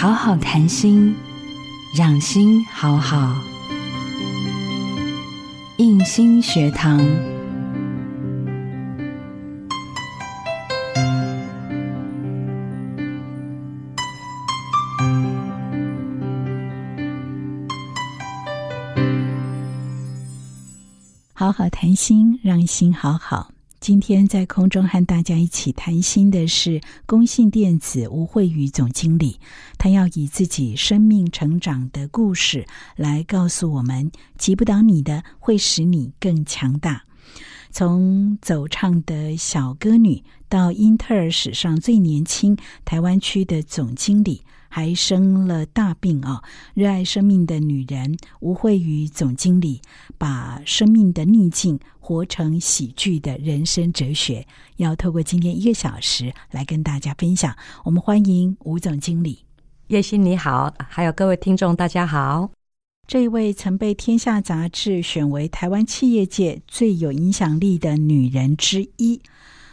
好好談心，讓心好好。映心學堂，好好談心，讓心好好。今天在空中和大家一起談心的是映興電子吳惠瑜總經理，她要以自己生命成長的故事來告訴我們：擊不倒你的，會使你更強大。從走唱的小歌女到英特爾史上最年輕台灣區的總經理。還生了大病啊！熱愛生命的女人吳惠瑜總經理，把生命的逆境活成喜劇的人生哲學，要透過今天一個小時來跟大家分享。我們歡迎吳總經理映心，你好！還有各位聽眾，大家好！這一位曾被《天下》雜誌選為台灣企業界最有影響力的女人之一，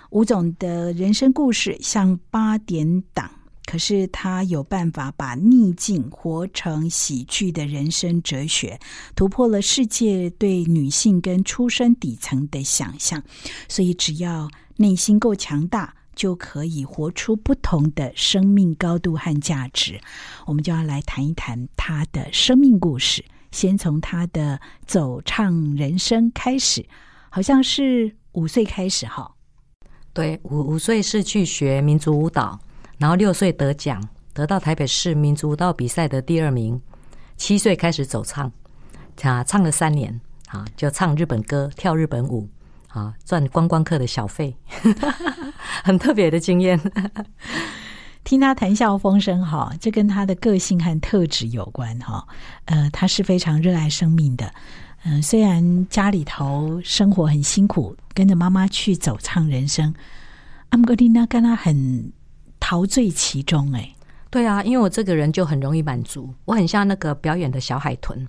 吳總的人生故事，像八點檔。可是他有辦法把逆境活成喜劇的人生哲學，突破了世界對女性跟出身底層的想象。所以只要內心夠強大，就可以活出不同的生命高度和價值。我們就要來談一談他的生命故事，先從他的走唱人生開始。好像是五歲開始哈？對，五五歲是去學民族舞蹈。然後六歲得獎，得到台北市民族舞蹈比賽的第二名。七歲開始走唱，唱了三年，啊，就唱日本歌、跳日本舞，啊，賺觀光客的小費， 很特別的經驗。聽他談笑風生，哈，這跟他的個性和特質有關，哈。呃，他是非常熱愛生命的，嗯、呃，雖然家裡頭生活很辛苦，跟着媽媽去走唱人生。安格麗娜跟他很。陶醉其中，欸，哎，對啊，因為我這個人就很容易滿足，我很像那個表演的小海豚。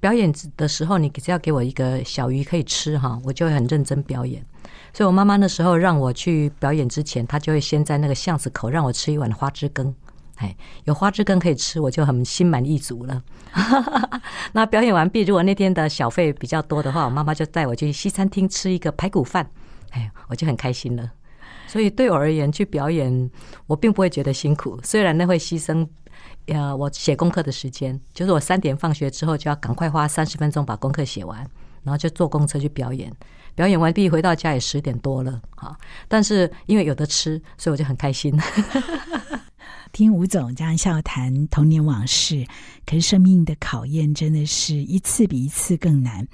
表演的時候，你只要給我一個小魚可以吃哈，我就會很認真表演。所以我媽媽那時候讓我去表演之前，她就會先在那個巷子口讓我吃一碗花枝羹，哎，有花枝羹可以吃，我就很心滿意足了。哈哈哈，那表演完畢，如果那天的小費比較多的話，我媽媽就帶我去西餐廳吃一個排骨飯，哎，我就很開心了。所以對我而言，去表演我並不會覺得辛苦，雖然那會犧牲，呃，我寫功課的時間，就是我三點放學之後就要趕快花三十分鐘把功課寫完，然後就坐公車去表演。表演完畢回到家也十點多了，但是因為有得吃，所以我就很開心。 聽吳總這樣笑談童年往事，可是生命的考驗真的是一次比一次更難。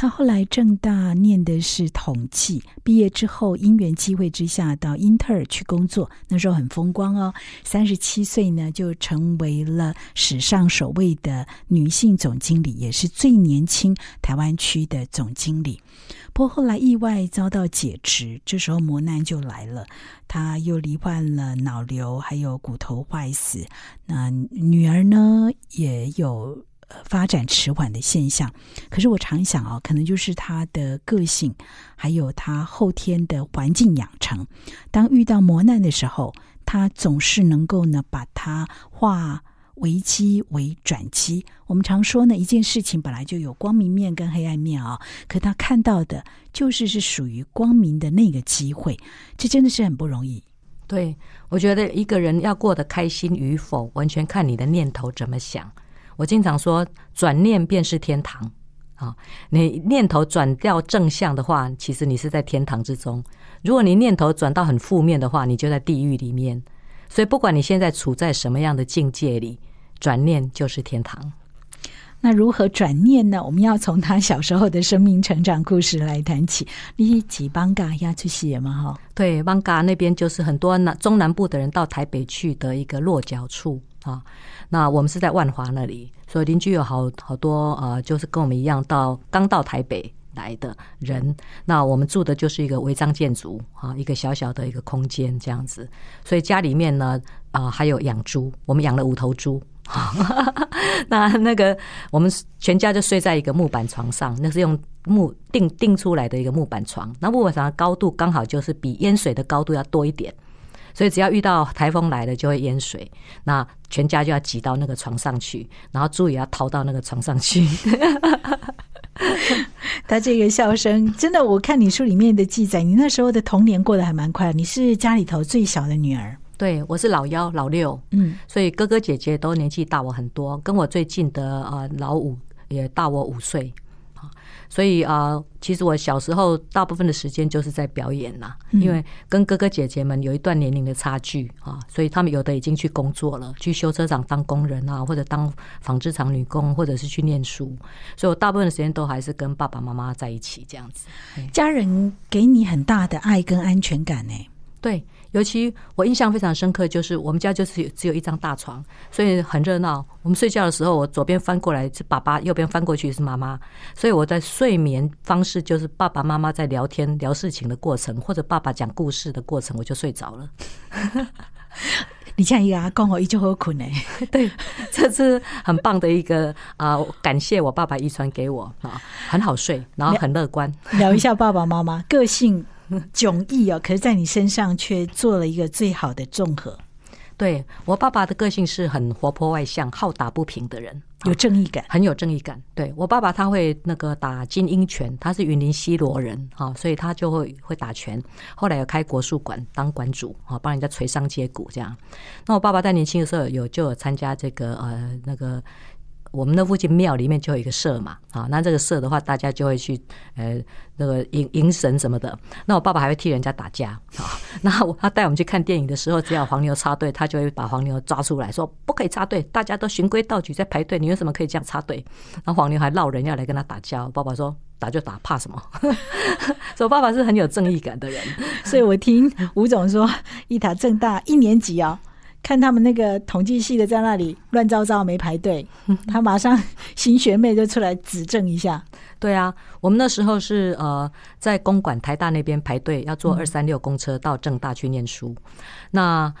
他後來政大念的是統計，畢業之後因緣機會之下到英特爾去工作，那時候很風光哦。三十七歲呢，就成為了史上首位的女性總經理，也是最年輕台灣區的總經理。不過後來意外遭到解職，這時候磨難就來了，他又罹患了腦瘤，還有骨頭壞死。那女兒呢，也有，發展遲緩的現象，可是我常想啊、哦，可能就是他的個性，還有他後天的環境養成。當遇到磨難的時候，他總是能夠呢，把它化危機為轉機。我們常說呢，一件事情本來就有光明面跟黑暗面啊、哦，可他看到的就是是屬於光明的那個機會。這真的是很不容易。對，我覺得一個人要過得開心與否，完全看你的念頭怎麼想。我經常說，轉念便是天堂啊、哦！你念頭轉掉正向的話，其實你是在天堂之中；如果你念頭轉到很負面的話，你就在地獄裡面。所以，不管你現在處在什麼樣的境界裡，轉念就是天堂。那如何轉念呢？我們要從他小時候的生命成長故事來談起。你一起艋舺要去寫嗎？哈，對，艋舺那邊就是很多中南部的人到台北去的一個落腳處。啊、哦，那我們是在萬華那裡，所以鄰居有好好多呃，就是跟我們一樣到剛到台北來的人。那我們住的就是一個違章建築啊、哦，一個小小的一個空間這樣子。所以家裡面呢啊、呃，還有養豬，我們養了五頭豬。哈哈哈，那那個我們全家就睡在一個木板床上，那是用木釘釘出來的一個木板床。那木板床的高度剛好就是比淹水的高度要多一點。所以只要遇到颱風來了，就會淹水，那全家就要擠到那個床上去，然後豬也要逃到那個床上去。 他這個笑聲真的，我看你書裡面的記載，你那時候的童年過得還蠻快。你是家裡頭最小的女兒？對，我是老幺，老六，嗯，所以哥哥姐姐都年紀大我很多，跟我最近的啊老五也大我五歲。所以啊，其實我小時候大部分的時間就是在表演啦，嗯、因為跟哥哥姐姐們有一段年齡的差距啊，所以他們有的已經去工作了，去修車廠當工人啊，或者當紡織廠女工，或者是去念書，所以我大部分的時間都還是跟爸爸媽媽在一起，這樣子。家人給你很大的愛跟安全感呢、欸。對。尤其我印象非常深刻，就是我們家就是只有一張大床，所以很熱鬧。我們睡覺的時候，我左邊翻過來是爸爸，右邊翻過去是媽媽，所以我在睡眠方式就是爸爸媽媽在聊天聊事情的過程，或者爸爸講故事的過程，我就睡着了。你這樣一個啊，講我一句，好困呢？對，這是很棒的一個啊，感謝我爸爸遺傳給我啊，很好睡，然後很樂觀。聊一下爸爸媽媽個性。迥異哦，可是，在你身上卻做了一個最好的綜合。對，我爸爸的個性是很活潑外向，好打不平的人，有正義感，很有正義感。對，我爸爸，他會那個打金鷹拳，他是雲林西螺人，哈，嗯，所以他就會會打拳。後來有開國術館當館主啊，幫人家捶傷接骨這樣。那我爸爸在年輕的時候有就有參加這個呃，那個。我們那附近廟裡面就有一個社嘛，啊，那這個社的話，大家就會去，呃，那個迎迎神什麼的。那我爸爸還會替人家打架，啊，那他帶我們去看電影的時候，只要黃牛插隊，他就會把黃牛抓出來，說不可以插隊，大家都循規蹈矩在排隊，你為什麼可以這樣插隊？然後黃牛還鬧人要來跟他打架，我爸爸說打就打，怕什麼？ 所以我爸爸是很有正義感的人。 所以我聽吳總說，一塔正大，一年級啊、哦。看他們那個統計系的在那裡亂糟糟沒排隊，他馬上新學妹就出來指正一下。 對啊，我們那時候是呃在公館台大那邊排隊要坐二三六公車到政大去唸書，嗯、那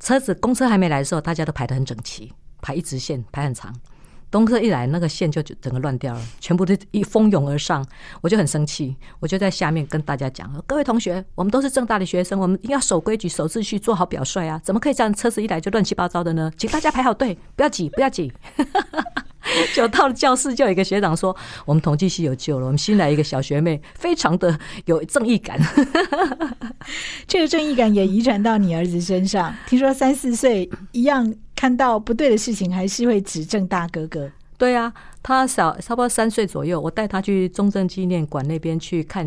車子公車還沒來的時候，大家都排得很整齊，排一直線排很長。東哥一來，那個線就整個亂掉了，全部都一蜂擁而上，我就很生氣，我就在下面跟大家講：各位同學，我們都是政大的學生，我們一定要守規矩、守秩序，做好表率啊！怎麼可以這樣？車子一來就亂七八糟的呢？請大家排好隊，不要擠，不要擠。 就到了教室，就有一個學長說：我們統計系有救了，我們新來一個小學妹，非常的有正義感。 這個正義感也遺傳到你兒子身上，聽說三四歲一樣。看到不對的事情，還是會指正大哥哥。對啊，他小差不多三歲左右，我帶他去中正紀念館那邊去看，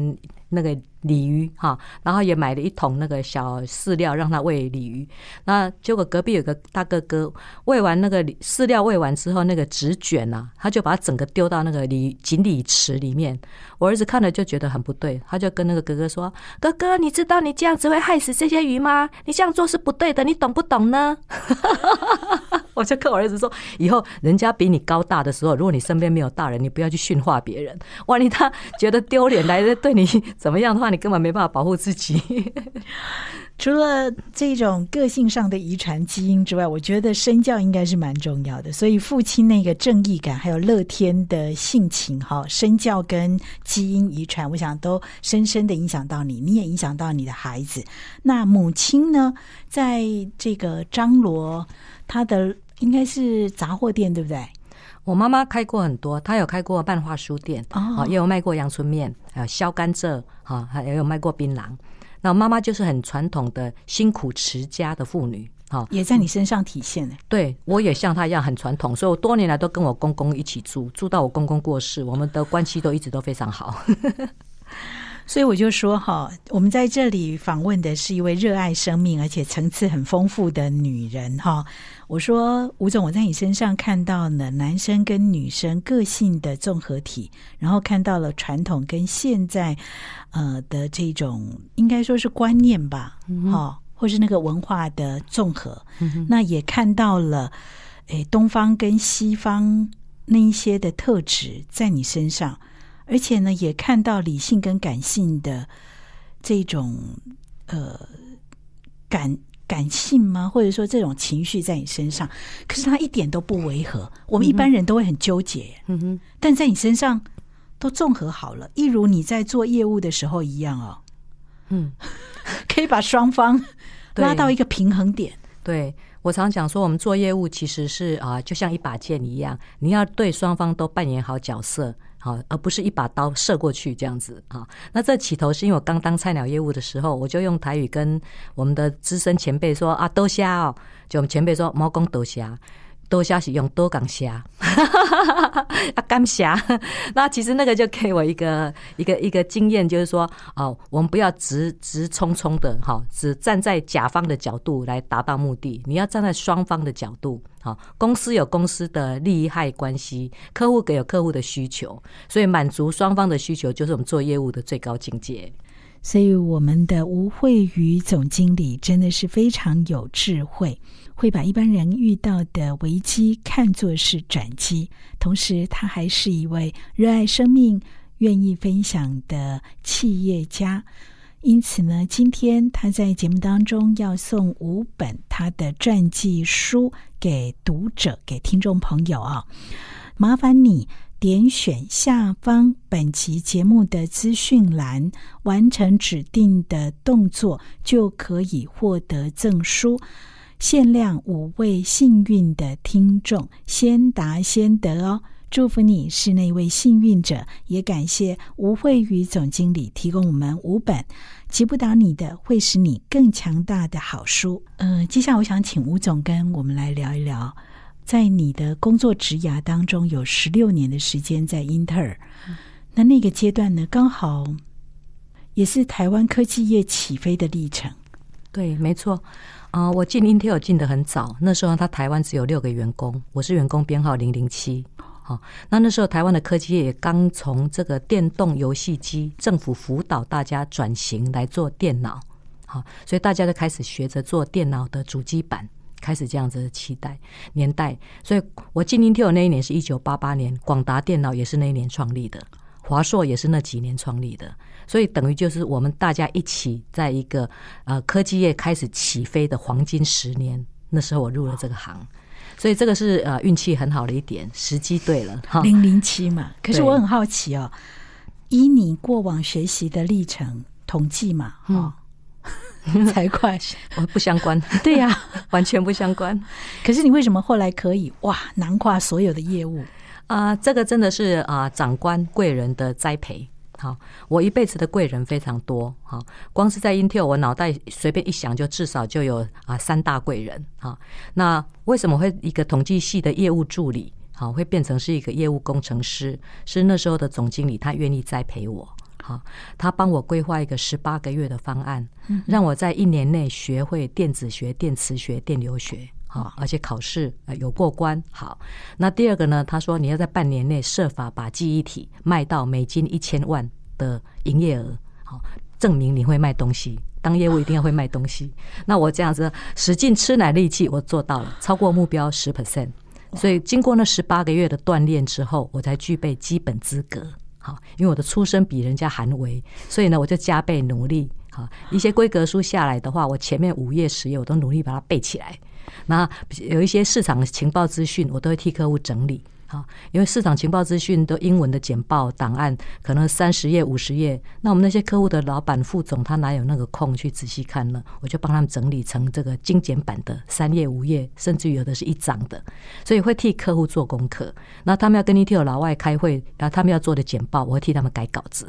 那個鯉魚哈，然後也買了一桶那個小飼料，讓他餵鯉魚。那結果隔壁有個大哥哥餵完那個飼料餵完之後，那個紙捲啊，他就把他整個丟到那個鯉錦鯉池裡面。我兒子看了就覺得很不對，他就跟那個哥哥說：“哥哥，你知道你這樣子會害死這些魚嗎？你這樣做是不對的，你懂不懂呢？” 我就跟我兒子說，以後人家比你高大的時候，如果你身邊沒有大人，你不要去訓話別人。萬一他覺得丟臉來的對你怎麼樣的話，你根本沒辦法保護自己。 除了這種個性上的遺傳基因之外，我覺得身教應該是蠻重要的。所以父親那個正義感還有樂天的性情，哈，身教跟基因遺傳，我想都深深的影響到你，你也影響到你的孩子。那母親呢，在這個張羅。他的應該是雜貨店，對不對？我媽媽開過很多，她有開過漫畫書店、oh. 也有賣過陽春麵，還有削甘蔗哈，還有賣過檳榔。那媽媽就是很傳統的辛苦持家的婦女，好，也在你身上體現了。哦、對我也像她一樣很傳統，所以我多年來都跟我公公一起住，住到我公公過世，我們的關係都一直都非常好。 所以我就說哈，我們在這裡訪問的是一位熱愛生命，而且層次很豐富的女人哈。我說吳總，我在你身上看到了男生跟女生個性的綜合體，然後看到了傳統跟現在呃的這種應該說是觀念吧，哈，或是那個文化的綜合，嗯、哼那也看到了誒，東方跟西方那一些的特質在你身上。而且呢，也看到理性跟感性的這種呃感感性嗎？或者說這種情緒在你身上，可是它一點都不違和。嗯哼，我們一般人都會很糾結，嗯哼，嗯哼。但在你身上都綜合好了，一如你在做業務的時候一樣哦。嗯， 可以把雙方對拉到一個平衡點。對，我常講說，我們做業務其實是啊，就像一把劍一樣，你要對雙方都扮演好角色。好，而不是一把刀射過去這樣子好。那這起頭是因為我剛當菜鳥業務的時候，我就用台語跟我們的資深前輩說啊，多謝哦，就我們前輩說，莫講多謝。多消息，用多感謝啊，感謝。那其實那個就給我一個一個一個經驗，就是說哦，我們不要直直衝衝的哈、哦，只站在甲方的角度來達到目的。你要站在雙方的角度，好、哦，公司有公司的利害關係，客戶給有客戶的需求，所以滿足雙方的需求就是我們做業務的最高境界。所以，我們的吳惠瑜總經理真的是非常有智慧。會把一般人遇到的危機看作是轉機，同時他還是一位熱愛生命、願意分享的企業家。因此呢，今天他在節目當中要送五本他的傳記書給讀者、給聽眾朋友啊、哦。麻煩你點選下方本期節目的資訊欄，完成指定的動作，就可以獲得贈書。限量五位幸運的聽眾，先答先得哦！祝福你是那位幸運者，也感謝吳惠瑜總經理提供我們五本《擊不倒你的會使你更強大的好書》。嗯，接下來我想請吳總跟我們來聊一聊，在你的工作職涯當中，有十六年的時間在英特爾。那那個階段呢，剛好也是台灣科技業起飛的歷程。對，沒錯。啊，uh, 我進 Intel 進的很早，那時候他台灣只有六個員工，我是員工編號零零七，哦，那那時候台灣的科技業也剛從這個電動遊戲機政府輔導大家轉型來做電腦，好，所以大家就開始學着做電腦的主機板，開始這樣子的期待年代，所以我進 Intel 那一年是一九八八年，廣達電腦也是那一年創立的，華碩也是那幾年創立的。所以等於就是我們大家一起在一個呃科技業開始起飛的黃金十年，那時候我入了這個行，所以這個是呃運氣很好的一點，時機對了，零零七嘛。可是我很好奇哦，對以你過往學習的歷程統計嘛，哦、嗯、才怪，我不相關。 對呀、啊， 完全不相關。 可是你為什麼後來可以哇囊括所有的業務啊、呃？這個真的是啊、呃、長官貴人的栽培。好，我一輩子的貴人非常多。哈，光是在 Intel，我腦袋隨便一想，就至少就有啊三大貴人。哈，那為什麼會一個統計系的業務助理，好，會變成是一個業務工程師？是那時候的總經理他願意栽培我。哈，他幫我規劃一個十八個月的方案，讓我在一年內學會電子學、電磁學、電流學。好，而且考試呃有過關。好，那第二個呢？他說你要在半年內設法把記憶體賣到美金一千萬的營業額。好，證明你會賣東西。當業務一定要會賣東西。 那我這樣子使勁吃奶力氣，我做到了，超過目標十 percent。所以經過那十八個月的鍛鍊之後，我才具備基本資格。好，因為我的出身比人家寒微，所以呢，我就加倍努力。好，一些規格書下來的話，我前面五頁十頁我都努力把它背起來。那有一些市場情報資訊，我都會替客戶整理。因為市場情報資訊都英文的簡報檔案，可能三十頁、五十頁，那我們那些客戶的老闆副總，他哪有那個空去仔細看了？我就幫他們整理成這個精簡版的三頁、五頁，甚至有的是一張的，所以會替客戶做功課。那他們要跟你替我老外開會，然後他們要做的簡報，我會替他們改稿子。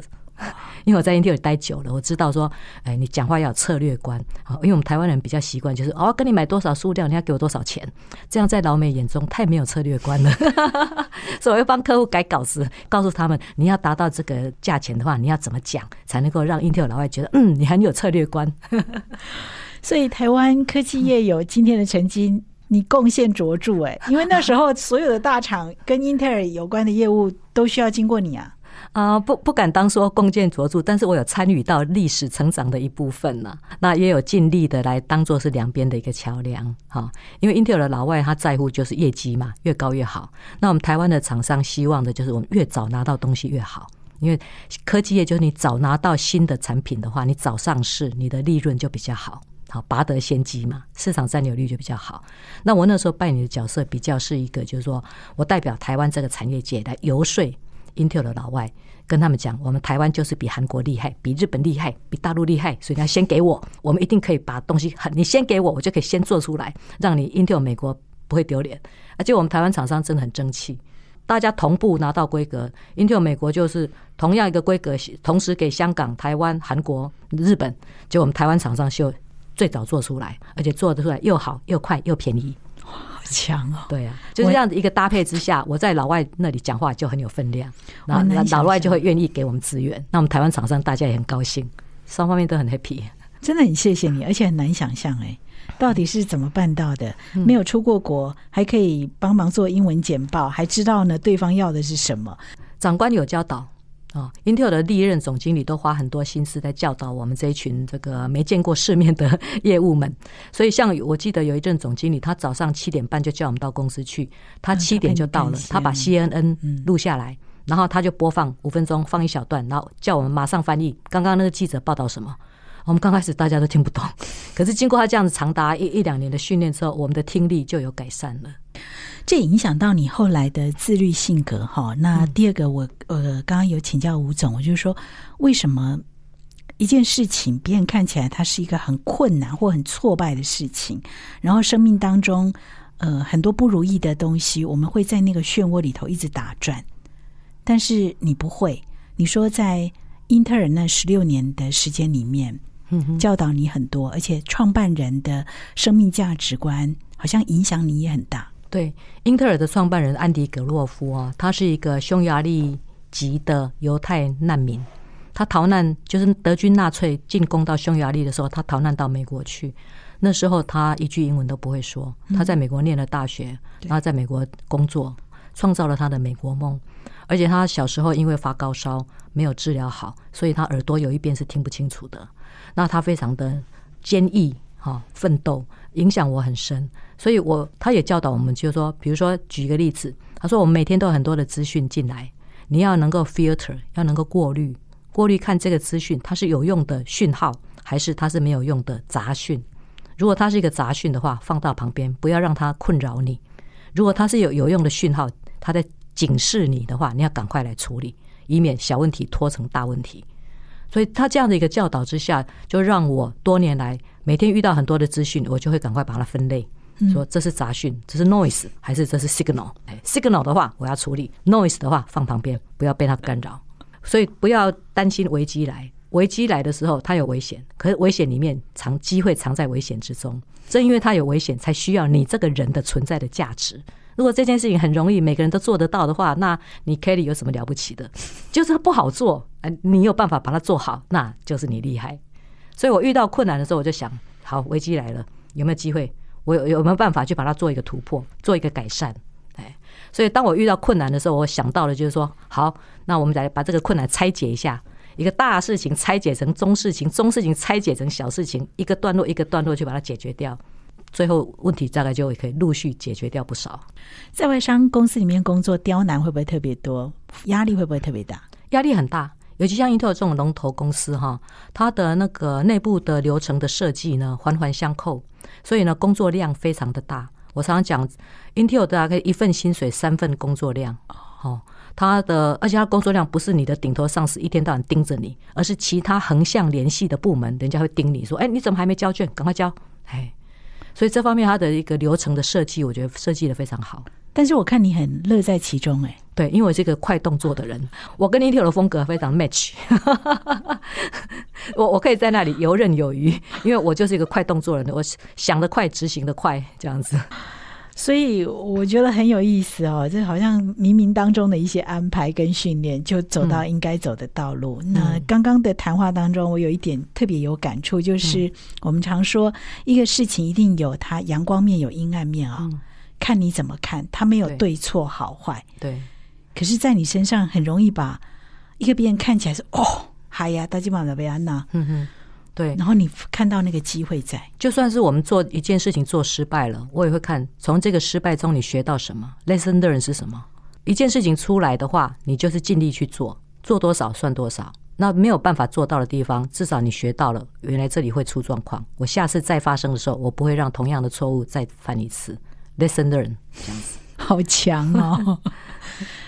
因為我在英特爾待久了，我知道說，哎，你講話要有策略觀。因為我們台灣人比較習慣，就是哦，跟你買多少數量，你要給我多少錢。這樣在老美眼中太沒有策略觀了， 所以我要幫客戶改稿子，告訴他們，你要達到這個價錢的話，你要怎麼講才能夠讓英特爾老外覺得，嗯，你很有策略觀。 所以台灣科技業有今天的成績，你貢獻卓著哎、欸。因為那時候所有的大廠跟英特爾有關的業務都需要經過你啊。啊，uh, 不不敢當說貢獻卓著，但是我有參與到歷史成長的一部分呢、啊。那也有盡力的來當做是兩邊的一個橋梁，哈。因為英特爾的老外他在乎就是業績嘛，越高越好。那我們台灣的廠商希望的就是我們越早拿到東西越好，因為科技業就是你早拿到新的產品的話，你早上市，你的利潤就比較好，好，拔得先機嘛，市場佔有率就比較好。那我那時候扮演的角色比較是一個，就是說我代表台灣這個產業界來遊說。Intel 的老外跟他們講：“我們台灣就是比韓國厲害，比日本厲害，比大陸厲害，所以你要先給我，我們一定可以把東西很，你先給我，我就可以先做出來，讓你 Intel 美國不會丟臉。而、啊、且我們台灣廠商真的很爭氣，大家同步拿到規格，Intel 美國就是同樣一個規格，同時給香港、台灣、韓國、日本，就我們台灣廠商是最早做出來，而且做得出來又好又快又便宜。”強哦，對啊，就是這樣一個搭配之下，我，我在老外那裡講話就很有分量，然後老外就會願意給我們資源，我那我們台灣廠商大家也很高興，雙方面都很 happy，真的很謝謝你，而且很難想象哎、欸，到底是怎麼辦到的？沒有出過國，還可以幫忙做英文簡報，還知道呢對方要的是什麼，長官有教導。啊、哦、，Intel 的歷任總經理都花很多心思在教導我們這一群這個沒見過世面的業務們。所以，像我記得有一任總經理，他早上七點半就叫我們到公司去，他七點就到了，嗯、他，他把 CNN 錄下來，嗯、然後他就播放五分鐘，放一小段，然後叫我們馬上翻譯剛剛那個記者報道什麼？我們剛開始大家都聽不懂，可是經過他這樣子長達一、一兩年的訓練之後，我們的聽力就有改善了。這影響到你後來的自律性格哈。那第二個我，我、嗯、呃剛剛有請教吳總，我就是說，為什麼一件事情別人看起來它是一個很困難或很挫敗的事情，然後生命當中呃很多不如意的東西，我們會在那個漩渦裡頭一直打轉，但是你不會。你說在英特爾那十六年的時間裡面，嗯、哼教導你很多，而且創辦人的生命價值觀好像影響你也很大。對，英特爾的創辦人安迪·葛洛夫啊，他是一個匈牙利籍的猶太難民，他逃難就是德軍納粹進攻到匈牙利的時候，他逃難到美國去。那時候他一句英文都不會說，他在美國念了大學，嗯、然後在美國工作，對創造了他的美國夢。而且他小時候因為發高燒沒有治療好，所以他耳朵有一邊是聽不清楚的。那他非常的堅毅，哈、哦，奮鬥，影響我很深。所以我，我他也教導我們，就是說，比如說，舉一個例子，他說，我們每天都有很多的資訊進來，你要能夠 filter，要能夠過濾，過濾看這個資訊它是有用的訊號，還是它是沒有用的雜訊。如果它是一個雜訊的話，放到旁邊，不要讓它困擾你；如果它是有有用的訊號，它在警示你的話，你要趕快來處理，以免小問題拖成大問題。所以，他這樣的一個教導之下，就讓我多年來每天遇到很多的資訊，我就會趕快把它分類。說這是雜訊，這是 noise 還是這是 signal？signal、嗯、的話，我要處理 ；noise 的話，放旁邊，不要被它干擾。所以不要擔心危機來。危機來的時候，它有危險，可是危險裡面藏機會，藏在危險之中。正因為它有危險，才需要你這個人的存在的價值。如果這件事情很容易，每個人都做得到的話，那你 Kelly 有什麼了不起的？就是不好做，哎，你有辦法把它做好，那就是你厲害。所以我遇到困難的時候，我就想：好，危機來了，有沒有機會？我有有沒有辦法去把它做一個突破，做一個改善？哎，所以當我遇到困難的時候，我想到了就是說，好，那我們來把這個困難拆解一下，一個大事情拆解成中事情，中事情拆解成小事情，一個段落一個段落去把它解決掉，最後問題大概就可以陸續解決掉不少。在外商公司裡面工作，刁難會不會特別多？壓力會不會特別大？壓力很大。尤其像英特爾這種龍頭公司哈，它的那個內部的流程的設計呢，環環相扣，所以呢工作量非常的大。我常常講，英特爾大概可以一份薪水三份工作量，哦，它的而且它的工作量不是你的頂頭上司一天到晚盯着你，而是其他橫向聯繫的部門，人家會盯你說，哎、欸，你怎麼還沒交卷？趕快交！哎，所以這方面它的一個流程的設計，我覺得設計的非常好。但是我看你很樂在其中、欸，誒。對，因為我是一個快動作的人，我跟 Intel 的風格非常 match，我我可以在那裡游刃有餘，因為我就是一個快動作人，的。我想得快，執行得快這樣子，所以我覺得很有意思哦，這好像冥冥當中的一些安排跟訓練，就走到應該走的道路。嗯、那剛剛的談話當中，我有一點特別有感觸，就是我們常說一個事情一定有它陽光面、有陰暗面啊、哦，嗯、看你怎麼看，它沒有對錯好壞，對。對可是，在你身上很容易把一個別人看起來是哦，嗨、哎、呀，大金毛達貝安娜，嗯哼，對。然後你看到那個機會在，就算是我們做一件事情做失敗了，我也會看從這個失敗中你學到什麼。Lesson learn 是什麼？一件事情出來的話，你就是盡力去做，做多少算多少。那沒有辦法做到的地方，至少你學到了，原來這裡會出狀況。我下次再發生的時候，我不會讓同樣的錯誤再犯一次。Lesson learn，這樣子，好強哦。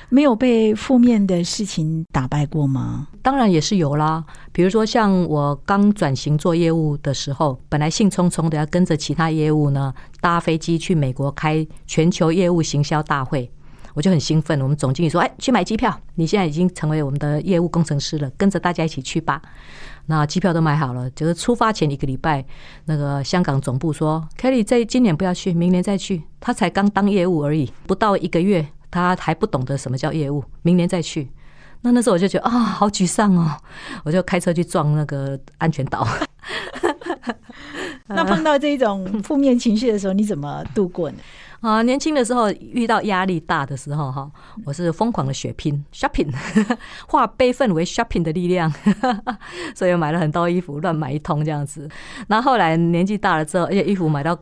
沒有被負面的事情打敗過嗎？當然也是有啦。比如說，像我剛轉型做業務的時候，本來興沖沖的要跟着其他業務呢搭飛機去美國開全球業務行銷大會，我就很興奮。我們總經理說：“哎，去買機票！你現在已經成為我們的業務工程師了，跟着大家一起去吧。”那機票都買好了，就是出發前一個禮拜，那個香港總部說：“Kelly 在今年不要去，明年再去。”他才剛當業務而已，不到一個月。他還不懂得什麼叫業務，明年再去。那那時候我就覺得啊、哦，好沮喪哦！我就開車去撞那個安全島。 那碰到這種負面情緒的時候，你怎麼度過呢？啊，年輕的時候遇到壓力大的時候，哈，我是瘋狂的血拼 shopping， 化悲憤為 shopping 的力量， 所以買了很多衣服，亂買一通這樣子。那後，後來年紀大了之後，而且衣服買到。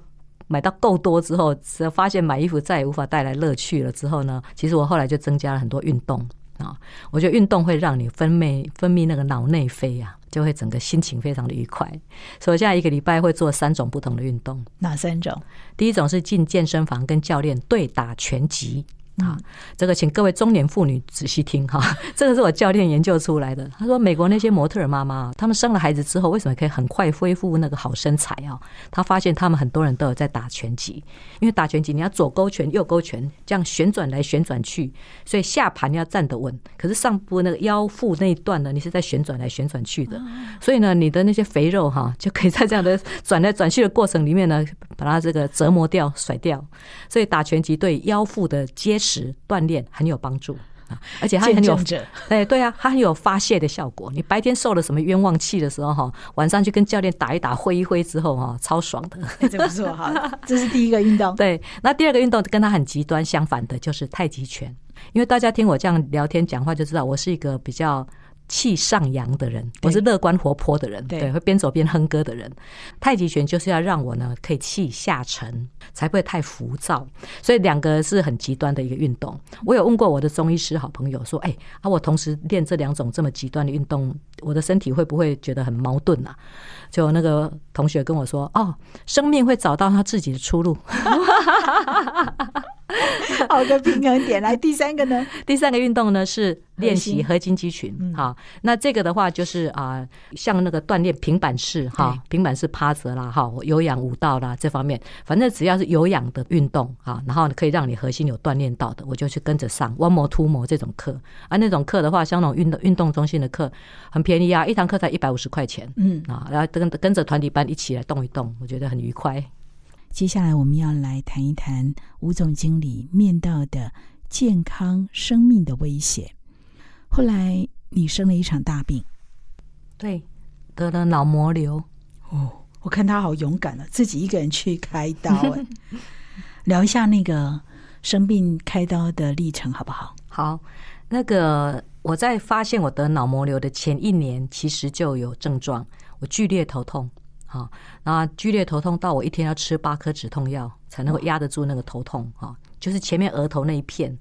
買到夠多之後，發現買衣服再也無法帶來樂趣了之後呢，其實我後來就增加了很多運動啊！我覺得運動會讓你分泌分泌那個腦內啡啊，就會整個心情非常的愉快。所以我現在一個禮拜會做三種不同的運動。哪三種？第一種是進健身房跟教練對打拳擊。啊，這個請各位中年婦女仔細聽哈，這個是我教練研究出來的。他說，美國那些模特兒媽媽，她們生了孩子之後，為什麼可以很快恢復那個好身材啊？他發現他們很多人都有在打拳擊，因為打拳擊你要左勾拳、右勾拳，這樣旋轉來旋轉去，所以下盤要站得穩，可是上部那個腰腹那一段呢，你是在旋轉來旋轉去的，所以呢，你的那些肥肉哈，就可以在這樣的轉來轉去的過程裡面呢，把它這個折磨掉、甩掉。所以打拳擊對腰腹的接時鍛鍊很有幫助，而且他很有，哎對，對啊，他很有發洩的效果。你白天受了什麼冤枉氣的時候哈，晚上去跟教練打一打、揮一揮之後哈，超爽的。嗯欸、這麼說哈， 這是第一個運動。對，那第二個運動跟他很極端相反的就是太極拳，因為大家聽我這樣聊天講話就知道，我是一個比較。氣上揚的人，我是樂觀活潑的人，對，對，會邊走邊哼歌的人。太極拳就是要讓我呢，可以氣下沉，才不會太浮躁。所以兩個是很極端的一個運動。我有問過我的中醫師好朋友說：“哎、欸，啊，我同時練這兩種這麼極端的運動，我的身體會不會覺得很矛盾呢、啊？”就那個同學跟我說：“哦，生命會找到他自己的出路。 ” 好的平衡點，來第三個呢？第三個運動呢是練習核心肌群。好心、哦，那這個的話就是啊，像那個鍛鍊平板式哈，哦、對平板式趴着啦，哈、哦，有氧舞蹈啦這方面，反正只要是有氧的運動啊、哦，然後可以讓你核心有鍛鍊到的，我就去跟着上 One more, Two more 這種課。而、啊、那種課的話，像那種運動運動中心的課，很便宜啊，一堂課才一百五十塊錢。嗯啊，然後跟跟着團體班一起來動一動，我覺得很愉快。接下來我們要來談一談吳總經理面對的健康生命的威脅。後來你生了一場大病，對，得了腦膜瘤。哦，我看他好勇敢啊，自己一個人去開刀。哎， 聊一下那個生病開刀的歷程好不好？好，那個我在發現我得腦膜瘤的前一年，其實就有症狀，我劇烈頭痛。啊，那劇烈頭痛到我一天要吃八顆止痛藥才能夠壓得住那個頭痛啊！就是前面額頭那一片，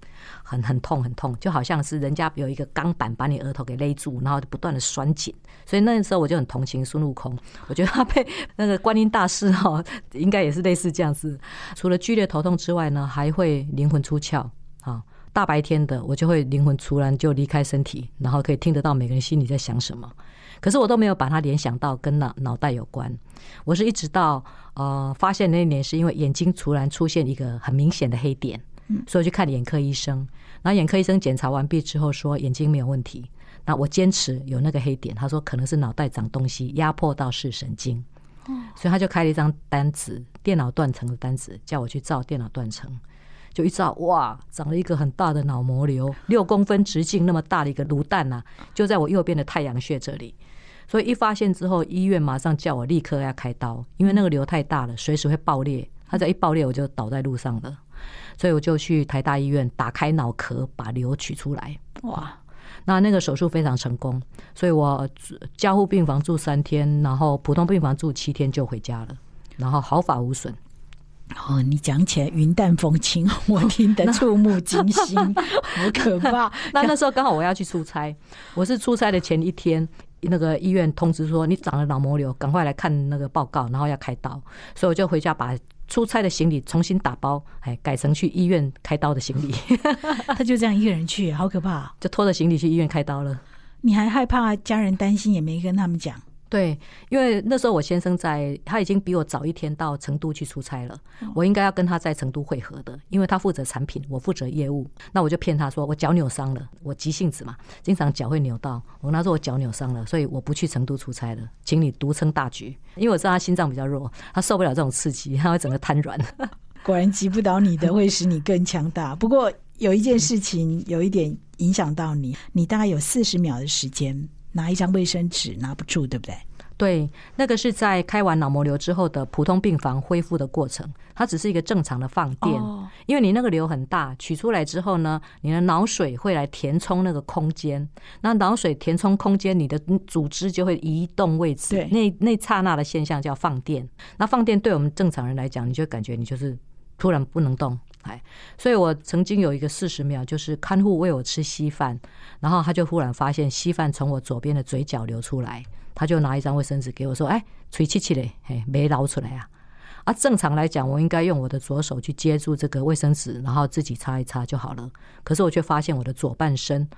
很很痛很痛，就好像是人家有一個鋼板把你額頭給勒住，然後就不斷的拴緊。所以那時候我就很同情孫悟空，我覺得他被那個觀音大士哈，應該也是類似這樣子。除了劇烈頭痛之外呢，還會靈魂出竅啊！大白天的我就會靈魂突然就離開身體，然後可以聽得到每個人心裡在想什麼。可是我都沒有把它聯想到跟腦腦袋有關，我是一直到呃發現那一年，是因為眼睛突然出現一個很明顯的黑點，所以我去看眼科醫生。然後眼科醫生檢查完畢之後說眼睛沒有問題，那我堅持有那個黑點，他說可能是腦袋長東西壓迫到視神經，所以他就開了一張單子，電腦斷層的單子，叫我去照電腦斷層。就一照，哇，長了一個很大的腦膜瘤，六公分直徑那麼大的一個滷蛋吶，就在我右邊的太陽穴這裡。所以一發現之後，醫院馬上叫我立刻要開刀，因為那個瘤太大了，隨時會爆裂。它再一爆裂，我就倒在路上了。所以我就去台大醫院打開腦殼，把瘤取出來。哇，那那個手術非常成功。所以我加護病房住三天，然後普通病房住七天就回家了，然後毫髮無損。哦，你講起來雲淡風輕，我聽得觸目驚心， 好可怕。那那，那時候剛好我要去出差，我是出差的前一天。那個醫院通知說，你長了腦膜瘤，趕快來看那個報告，然後要開刀。所以我就回家把出差的行李重新打包，還改成去醫院開刀的行李。 他就這樣一個人去，好可怕啊！就拖着行李去醫院開刀了。你還害怕啊，家人擔心，也沒跟他們講。對，因為那時候我先生在，他已經比我早一天到成都去出差了。我應該要跟他在成都會合的，因為他負責產品，我負責業務。那我就騙他說我腳扭傷了，我急性子嘛，經常腳會扭到。我跟他說我腳扭傷了，所以我不去成都出差了，請你獨撐大局。因為我知道他心臟比較弱，他受不了這種刺激，他會整個癱軟。 果然擊不倒你的，會使你更強大。不過有一件事情有一點影響到你，你大概有四十秒的時間。拿一張衛生紙拿不住，對不對？對，那個是在開完腦膜瘤之後的普通病房恢復的過程，它只是一個正常的放電。Oh. 因為你那個瘤很大，取出來之後呢，你的腦水會來填充那個空間，那腦水填充空間，你的組織就會移動位置。對那那剎那的現象叫放電。那放電對我們正常人來講，你就感覺你就是突然不能動。所以我曾經有一個四十秒，就是看護餵我吃稀飯，然後他就忽然發現稀飯從我左邊的嘴角流出來，他就拿一張衛生紙給我說：“哎，吹氣氣的，哎，沒撈出來啊。啊”啊正常來講，我應該用我的左手去接住這個衛生紙，然後自己擦一擦就好了。可是我卻發現我的左半身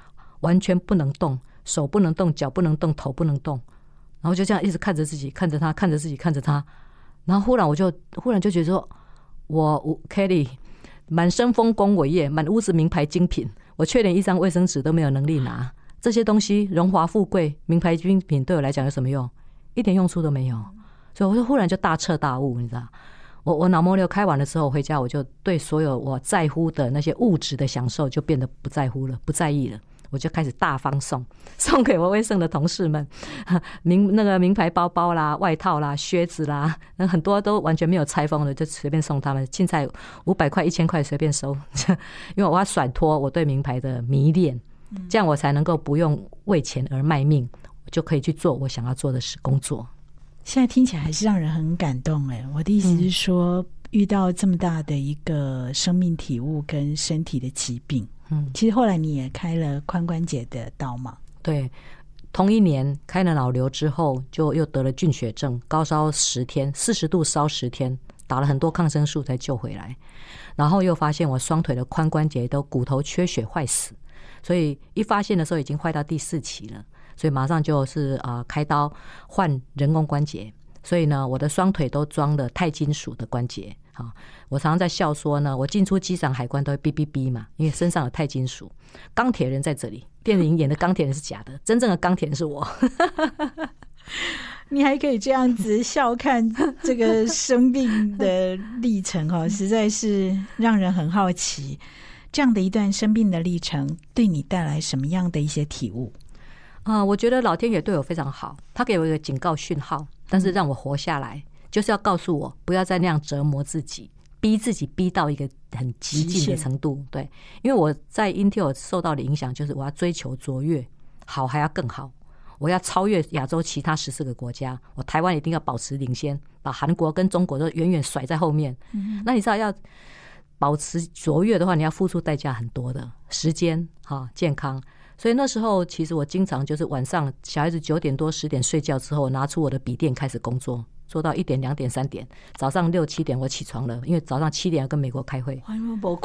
完全不能動，手不能動，腳不能動，頭不能動，然後就這樣一直看着自己，看着他，看着自己，看着他，然後忽然我就忽然就覺得說，我我 Kelly。Kaley, 滿身豐功偉業，滿屋子名牌精品，我卻連一張衛生紙都沒有能力拿。這些東西，榮華富貴、名牌精品，對我來講有什麼用？一點用處都沒有。所以，我就忽然就大徹大悟，你知道？我我腦膜瘤開完了之後回家，我就對所有我在乎的那些物質的享受就變得不在乎了，不在意了。我就開始大方送，送給我威盛的同事們，名那個名牌包包啦、外套啦、靴子啦，那很多都完全沒有拆封的，就隨便送他們，現在五百塊、一千塊隨便收呵呵，因為我要甩脫我對名牌的迷戀，這樣我才能夠不用為錢而賣命，我就可以去做我想要做的事工作。現在聽起來還是讓人很感動哎、欸，我的意思是說，嗯、遇到這麼大的一個生命體悟跟身體的疾病。嗯，其實後來你也開了髖關節的刀嘛？嗯、對，同一年開了腦瘤之後，就又得了菌血症，高燒十天，四十度燒十天，打了很多抗生素才救回來。然後又發現我雙腿的髖關節都骨頭缺血壞死，所以一發現的時候已經壞到第四期了，所以馬上就是啊、呃、開刀換人工關節。所以呢，我的雙腿都裝了鈦金屬的關節。好，我常常在笑說呢，我進出機場海關都會嗶嗶嗶嘛，因為身上有鈦金屬，鋼鐵人在這裡。電影演的鋼鐵人是假的， 真正的鋼鐵人是我。 你還可以這樣子笑看這個生病的歷程，哦，實在是讓人很好奇。這樣的一段生病的歷程，對你帶來什麼樣的一些體悟？啊、呃，我覺得老天爺對我非常好，他給我一個警告訊號，但是讓我活下來。就是要告訴我，不要再那樣折磨自己，逼自己逼到一個很極致的程度。對，因為我在 Intel 受到的影響就是，我要追求卓越，好還要更好，我要超越亞洲其他十四個國家，我台灣一定要保持領先，把韓國跟中國都遠遠甩在後面。那你知道要保持卓越的話，你要付出代價很多的，時間哈，健康。所以那時候，其實我經常就是晚上小孩子九點多十點睡覺之後，拿出我的筆電開始工作，做到一點、兩點、三點。早上六七點我起床了，因為早上七點要跟美國開會，困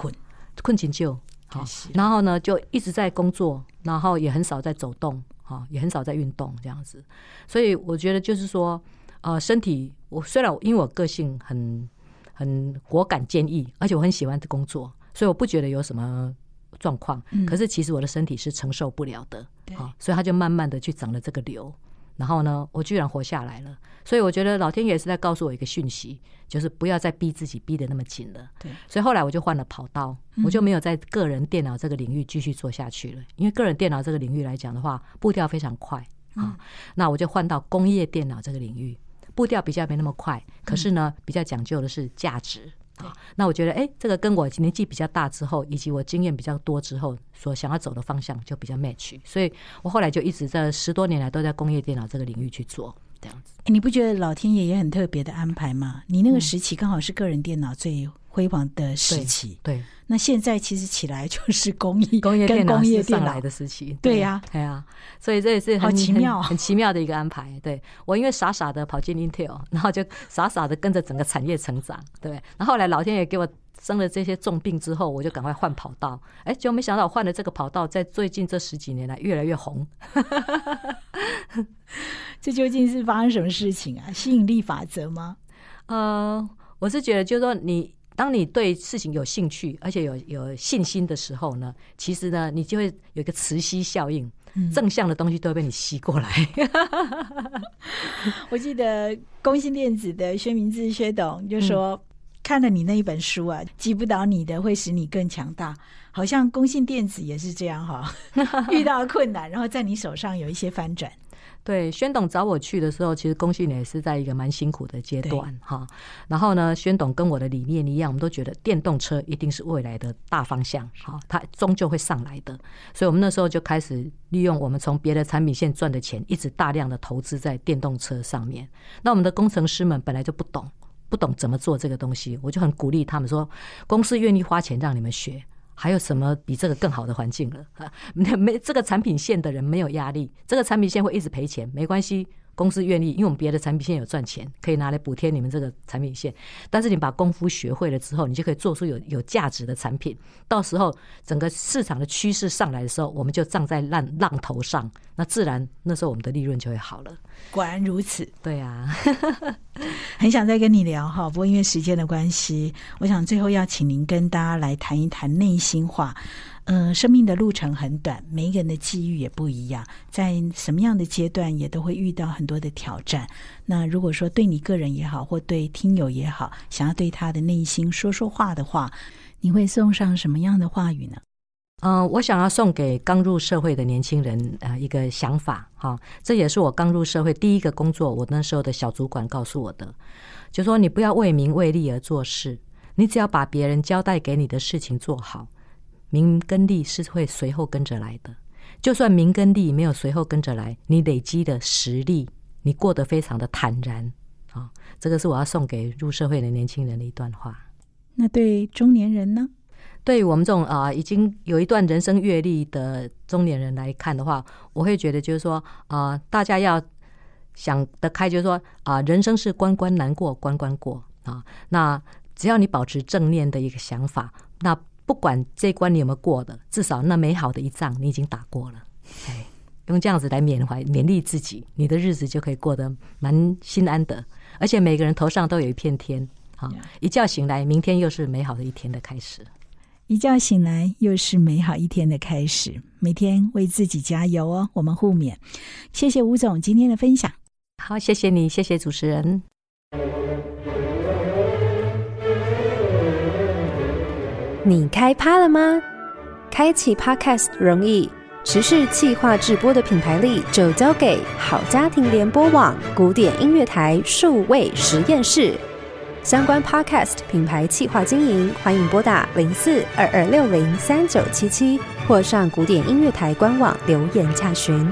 困就好。然後呢，就一直在工作，然後也很少在走動，也很少在運動這樣子。所以我覺得就是說，呃，身體我雖然因為我個性很很果敢堅毅，而且我很喜歡工作，所以我不覺得有什麼。狀況，可是其實我的身體是承受不了的，好，嗯啊，所以他就慢慢的去長了這個瘤，然後呢，我居然活下來了，所以我覺得老天爺是在告訴我一個訊息，就是不要再逼自己逼得那麼緊了，對，所以後來我就換了跑道，我就沒有在個人電腦這個領域繼續做下去了，嗯、因為個人電腦這個領域來講的話，步調非常快啊，哦、那我就換到工業電腦這個領域，步調比較沒那麼快，可是呢，嗯、比較講究的是價值。那我覺得，哎、欸，這個跟我年紀比較大之後，以及我經驗比較多之後，所想要走的方向就比較 match，所以我後來就一直在十多年來都在工業電腦這個領域去做，這樣子、欸。你不覺得老天爺也很特別的安排嗎？你那個時期剛好是個人電腦最有。嗯輝煌的時期，對。那現在其實起來就是工業、工業電腦上來的時期，對呀、啊，對呀、啊。所以這也是很、哦、奇妙很、很奇妙的一個安排。對我，因為傻傻的跑進 Intel，然後就傻傻的跟着整個產業成長。對。然後,後來老天爺給我生了這些重病之後，我就趕快換跑道。哎，結果沒想到我換了這個跑道，在最近這十幾年來越來越紅。 這究竟是發生什麼事情啊？吸引力法則嗎？呃，我是覺得就是說你。當你對事情有興趣，而且有有信心的時候呢，其實呢，你就會有一個磁吸效應，嗯、正向的東西都會被你吸過來。 我記得映興電子的薛明志薛董就說，嗯、看了你那一本書啊，擊不倒你的，會使你更強大。好像映興電子也是這樣哈、哦， 遇到困難，然後在你手上有一些翻轉。對，宣董找我去的時候，其實公信也是在一個蠻辛苦的階段哈。對然後呢，宣董跟我的理念一樣，我們都覺得電動車一定是未來的大方向，哈，它終究會上來的。所以我們那時候就開始利用我們從別的產品線賺的錢，一直大量的投資在電動車上面。那我們的工程師們本來就不懂，不懂怎麼做這個東西，我就很鼓勵他們說，公司願意花錢讓你們學。還有什麼比這個更好的環境了？哈，沒，這個產品線的人沒有壓力，這個產品線會一直賠錢，沒關係。公司願意，因為我們別的產品線有賺錢，可以拿來補貼你們這個產品線。但是你把功夫學會了之後，你就可以做出有有價值的產品。到時候整個市場的趨勢上來的時候，我們就站在浪浪頭上，那自然那時候我們的利潤就會好了。果然如此，對啊， 很想再跟你聊哈，不過因為時間的關係，我想最後要請您跟大家來談一談內心話。嗯，生命的路程很短，每一個人的際遇也不一樣，在什麼樣的階段也都會遇到很多的挑戰。那如果說對你個人也好，或對聽友也好，想要對他的內心說說話的話，你會送上什麼樣的話語呢？嗯、呃，我想要送給剛入社會的年輕人啊、呃、一個想法哈、哦，這也是我剛入社會第一個工作，我那時候的小主管告訴我的，就說你不要為名為利而做事，你只要把別人交代給你的事情做好。名跟利是會隨後跟着來的，就算名跟利沒有隨後跟着來，你累積的實力，你過得非常的坦然啊、哦。這個是我要送給入社會的年輕人的一段話。那對中年人呢？對於我們這種啊、呃，已經有一段人生閱歷的中年人來看的話，我會覺得就是說啊、呃，大家要想得開，就是說啊、呃，人生是關關難過關關過啊、哦。那只要你保持正念的一個想法，那。不管這一關你有沒有過的，至少那美好的一仗你已經打過了。哎，用這樣子來緬懷、勉勵自己，你的日子就可以過得蠻心安的。而且每個人頭上都有一片天，啊，Yeah. 一覺醒來，明天又是美好的一天的開始。一覺醒來，又是美好一天的開始。每天為自己加油哦！我們互勉。謝謝吳總今天的分享。好，謝謝你，謝謝主持人。你開趴了嗎？開啟 Podcast 容易，持續企劃制播的品牌力，就交給好家庭聯播網古典音樂台數位實驗室。相關 Podcast 品牌企劃經營，歡迎撥打零四二二六零三九七七，77，或上古典音樂台官網留言洽詢。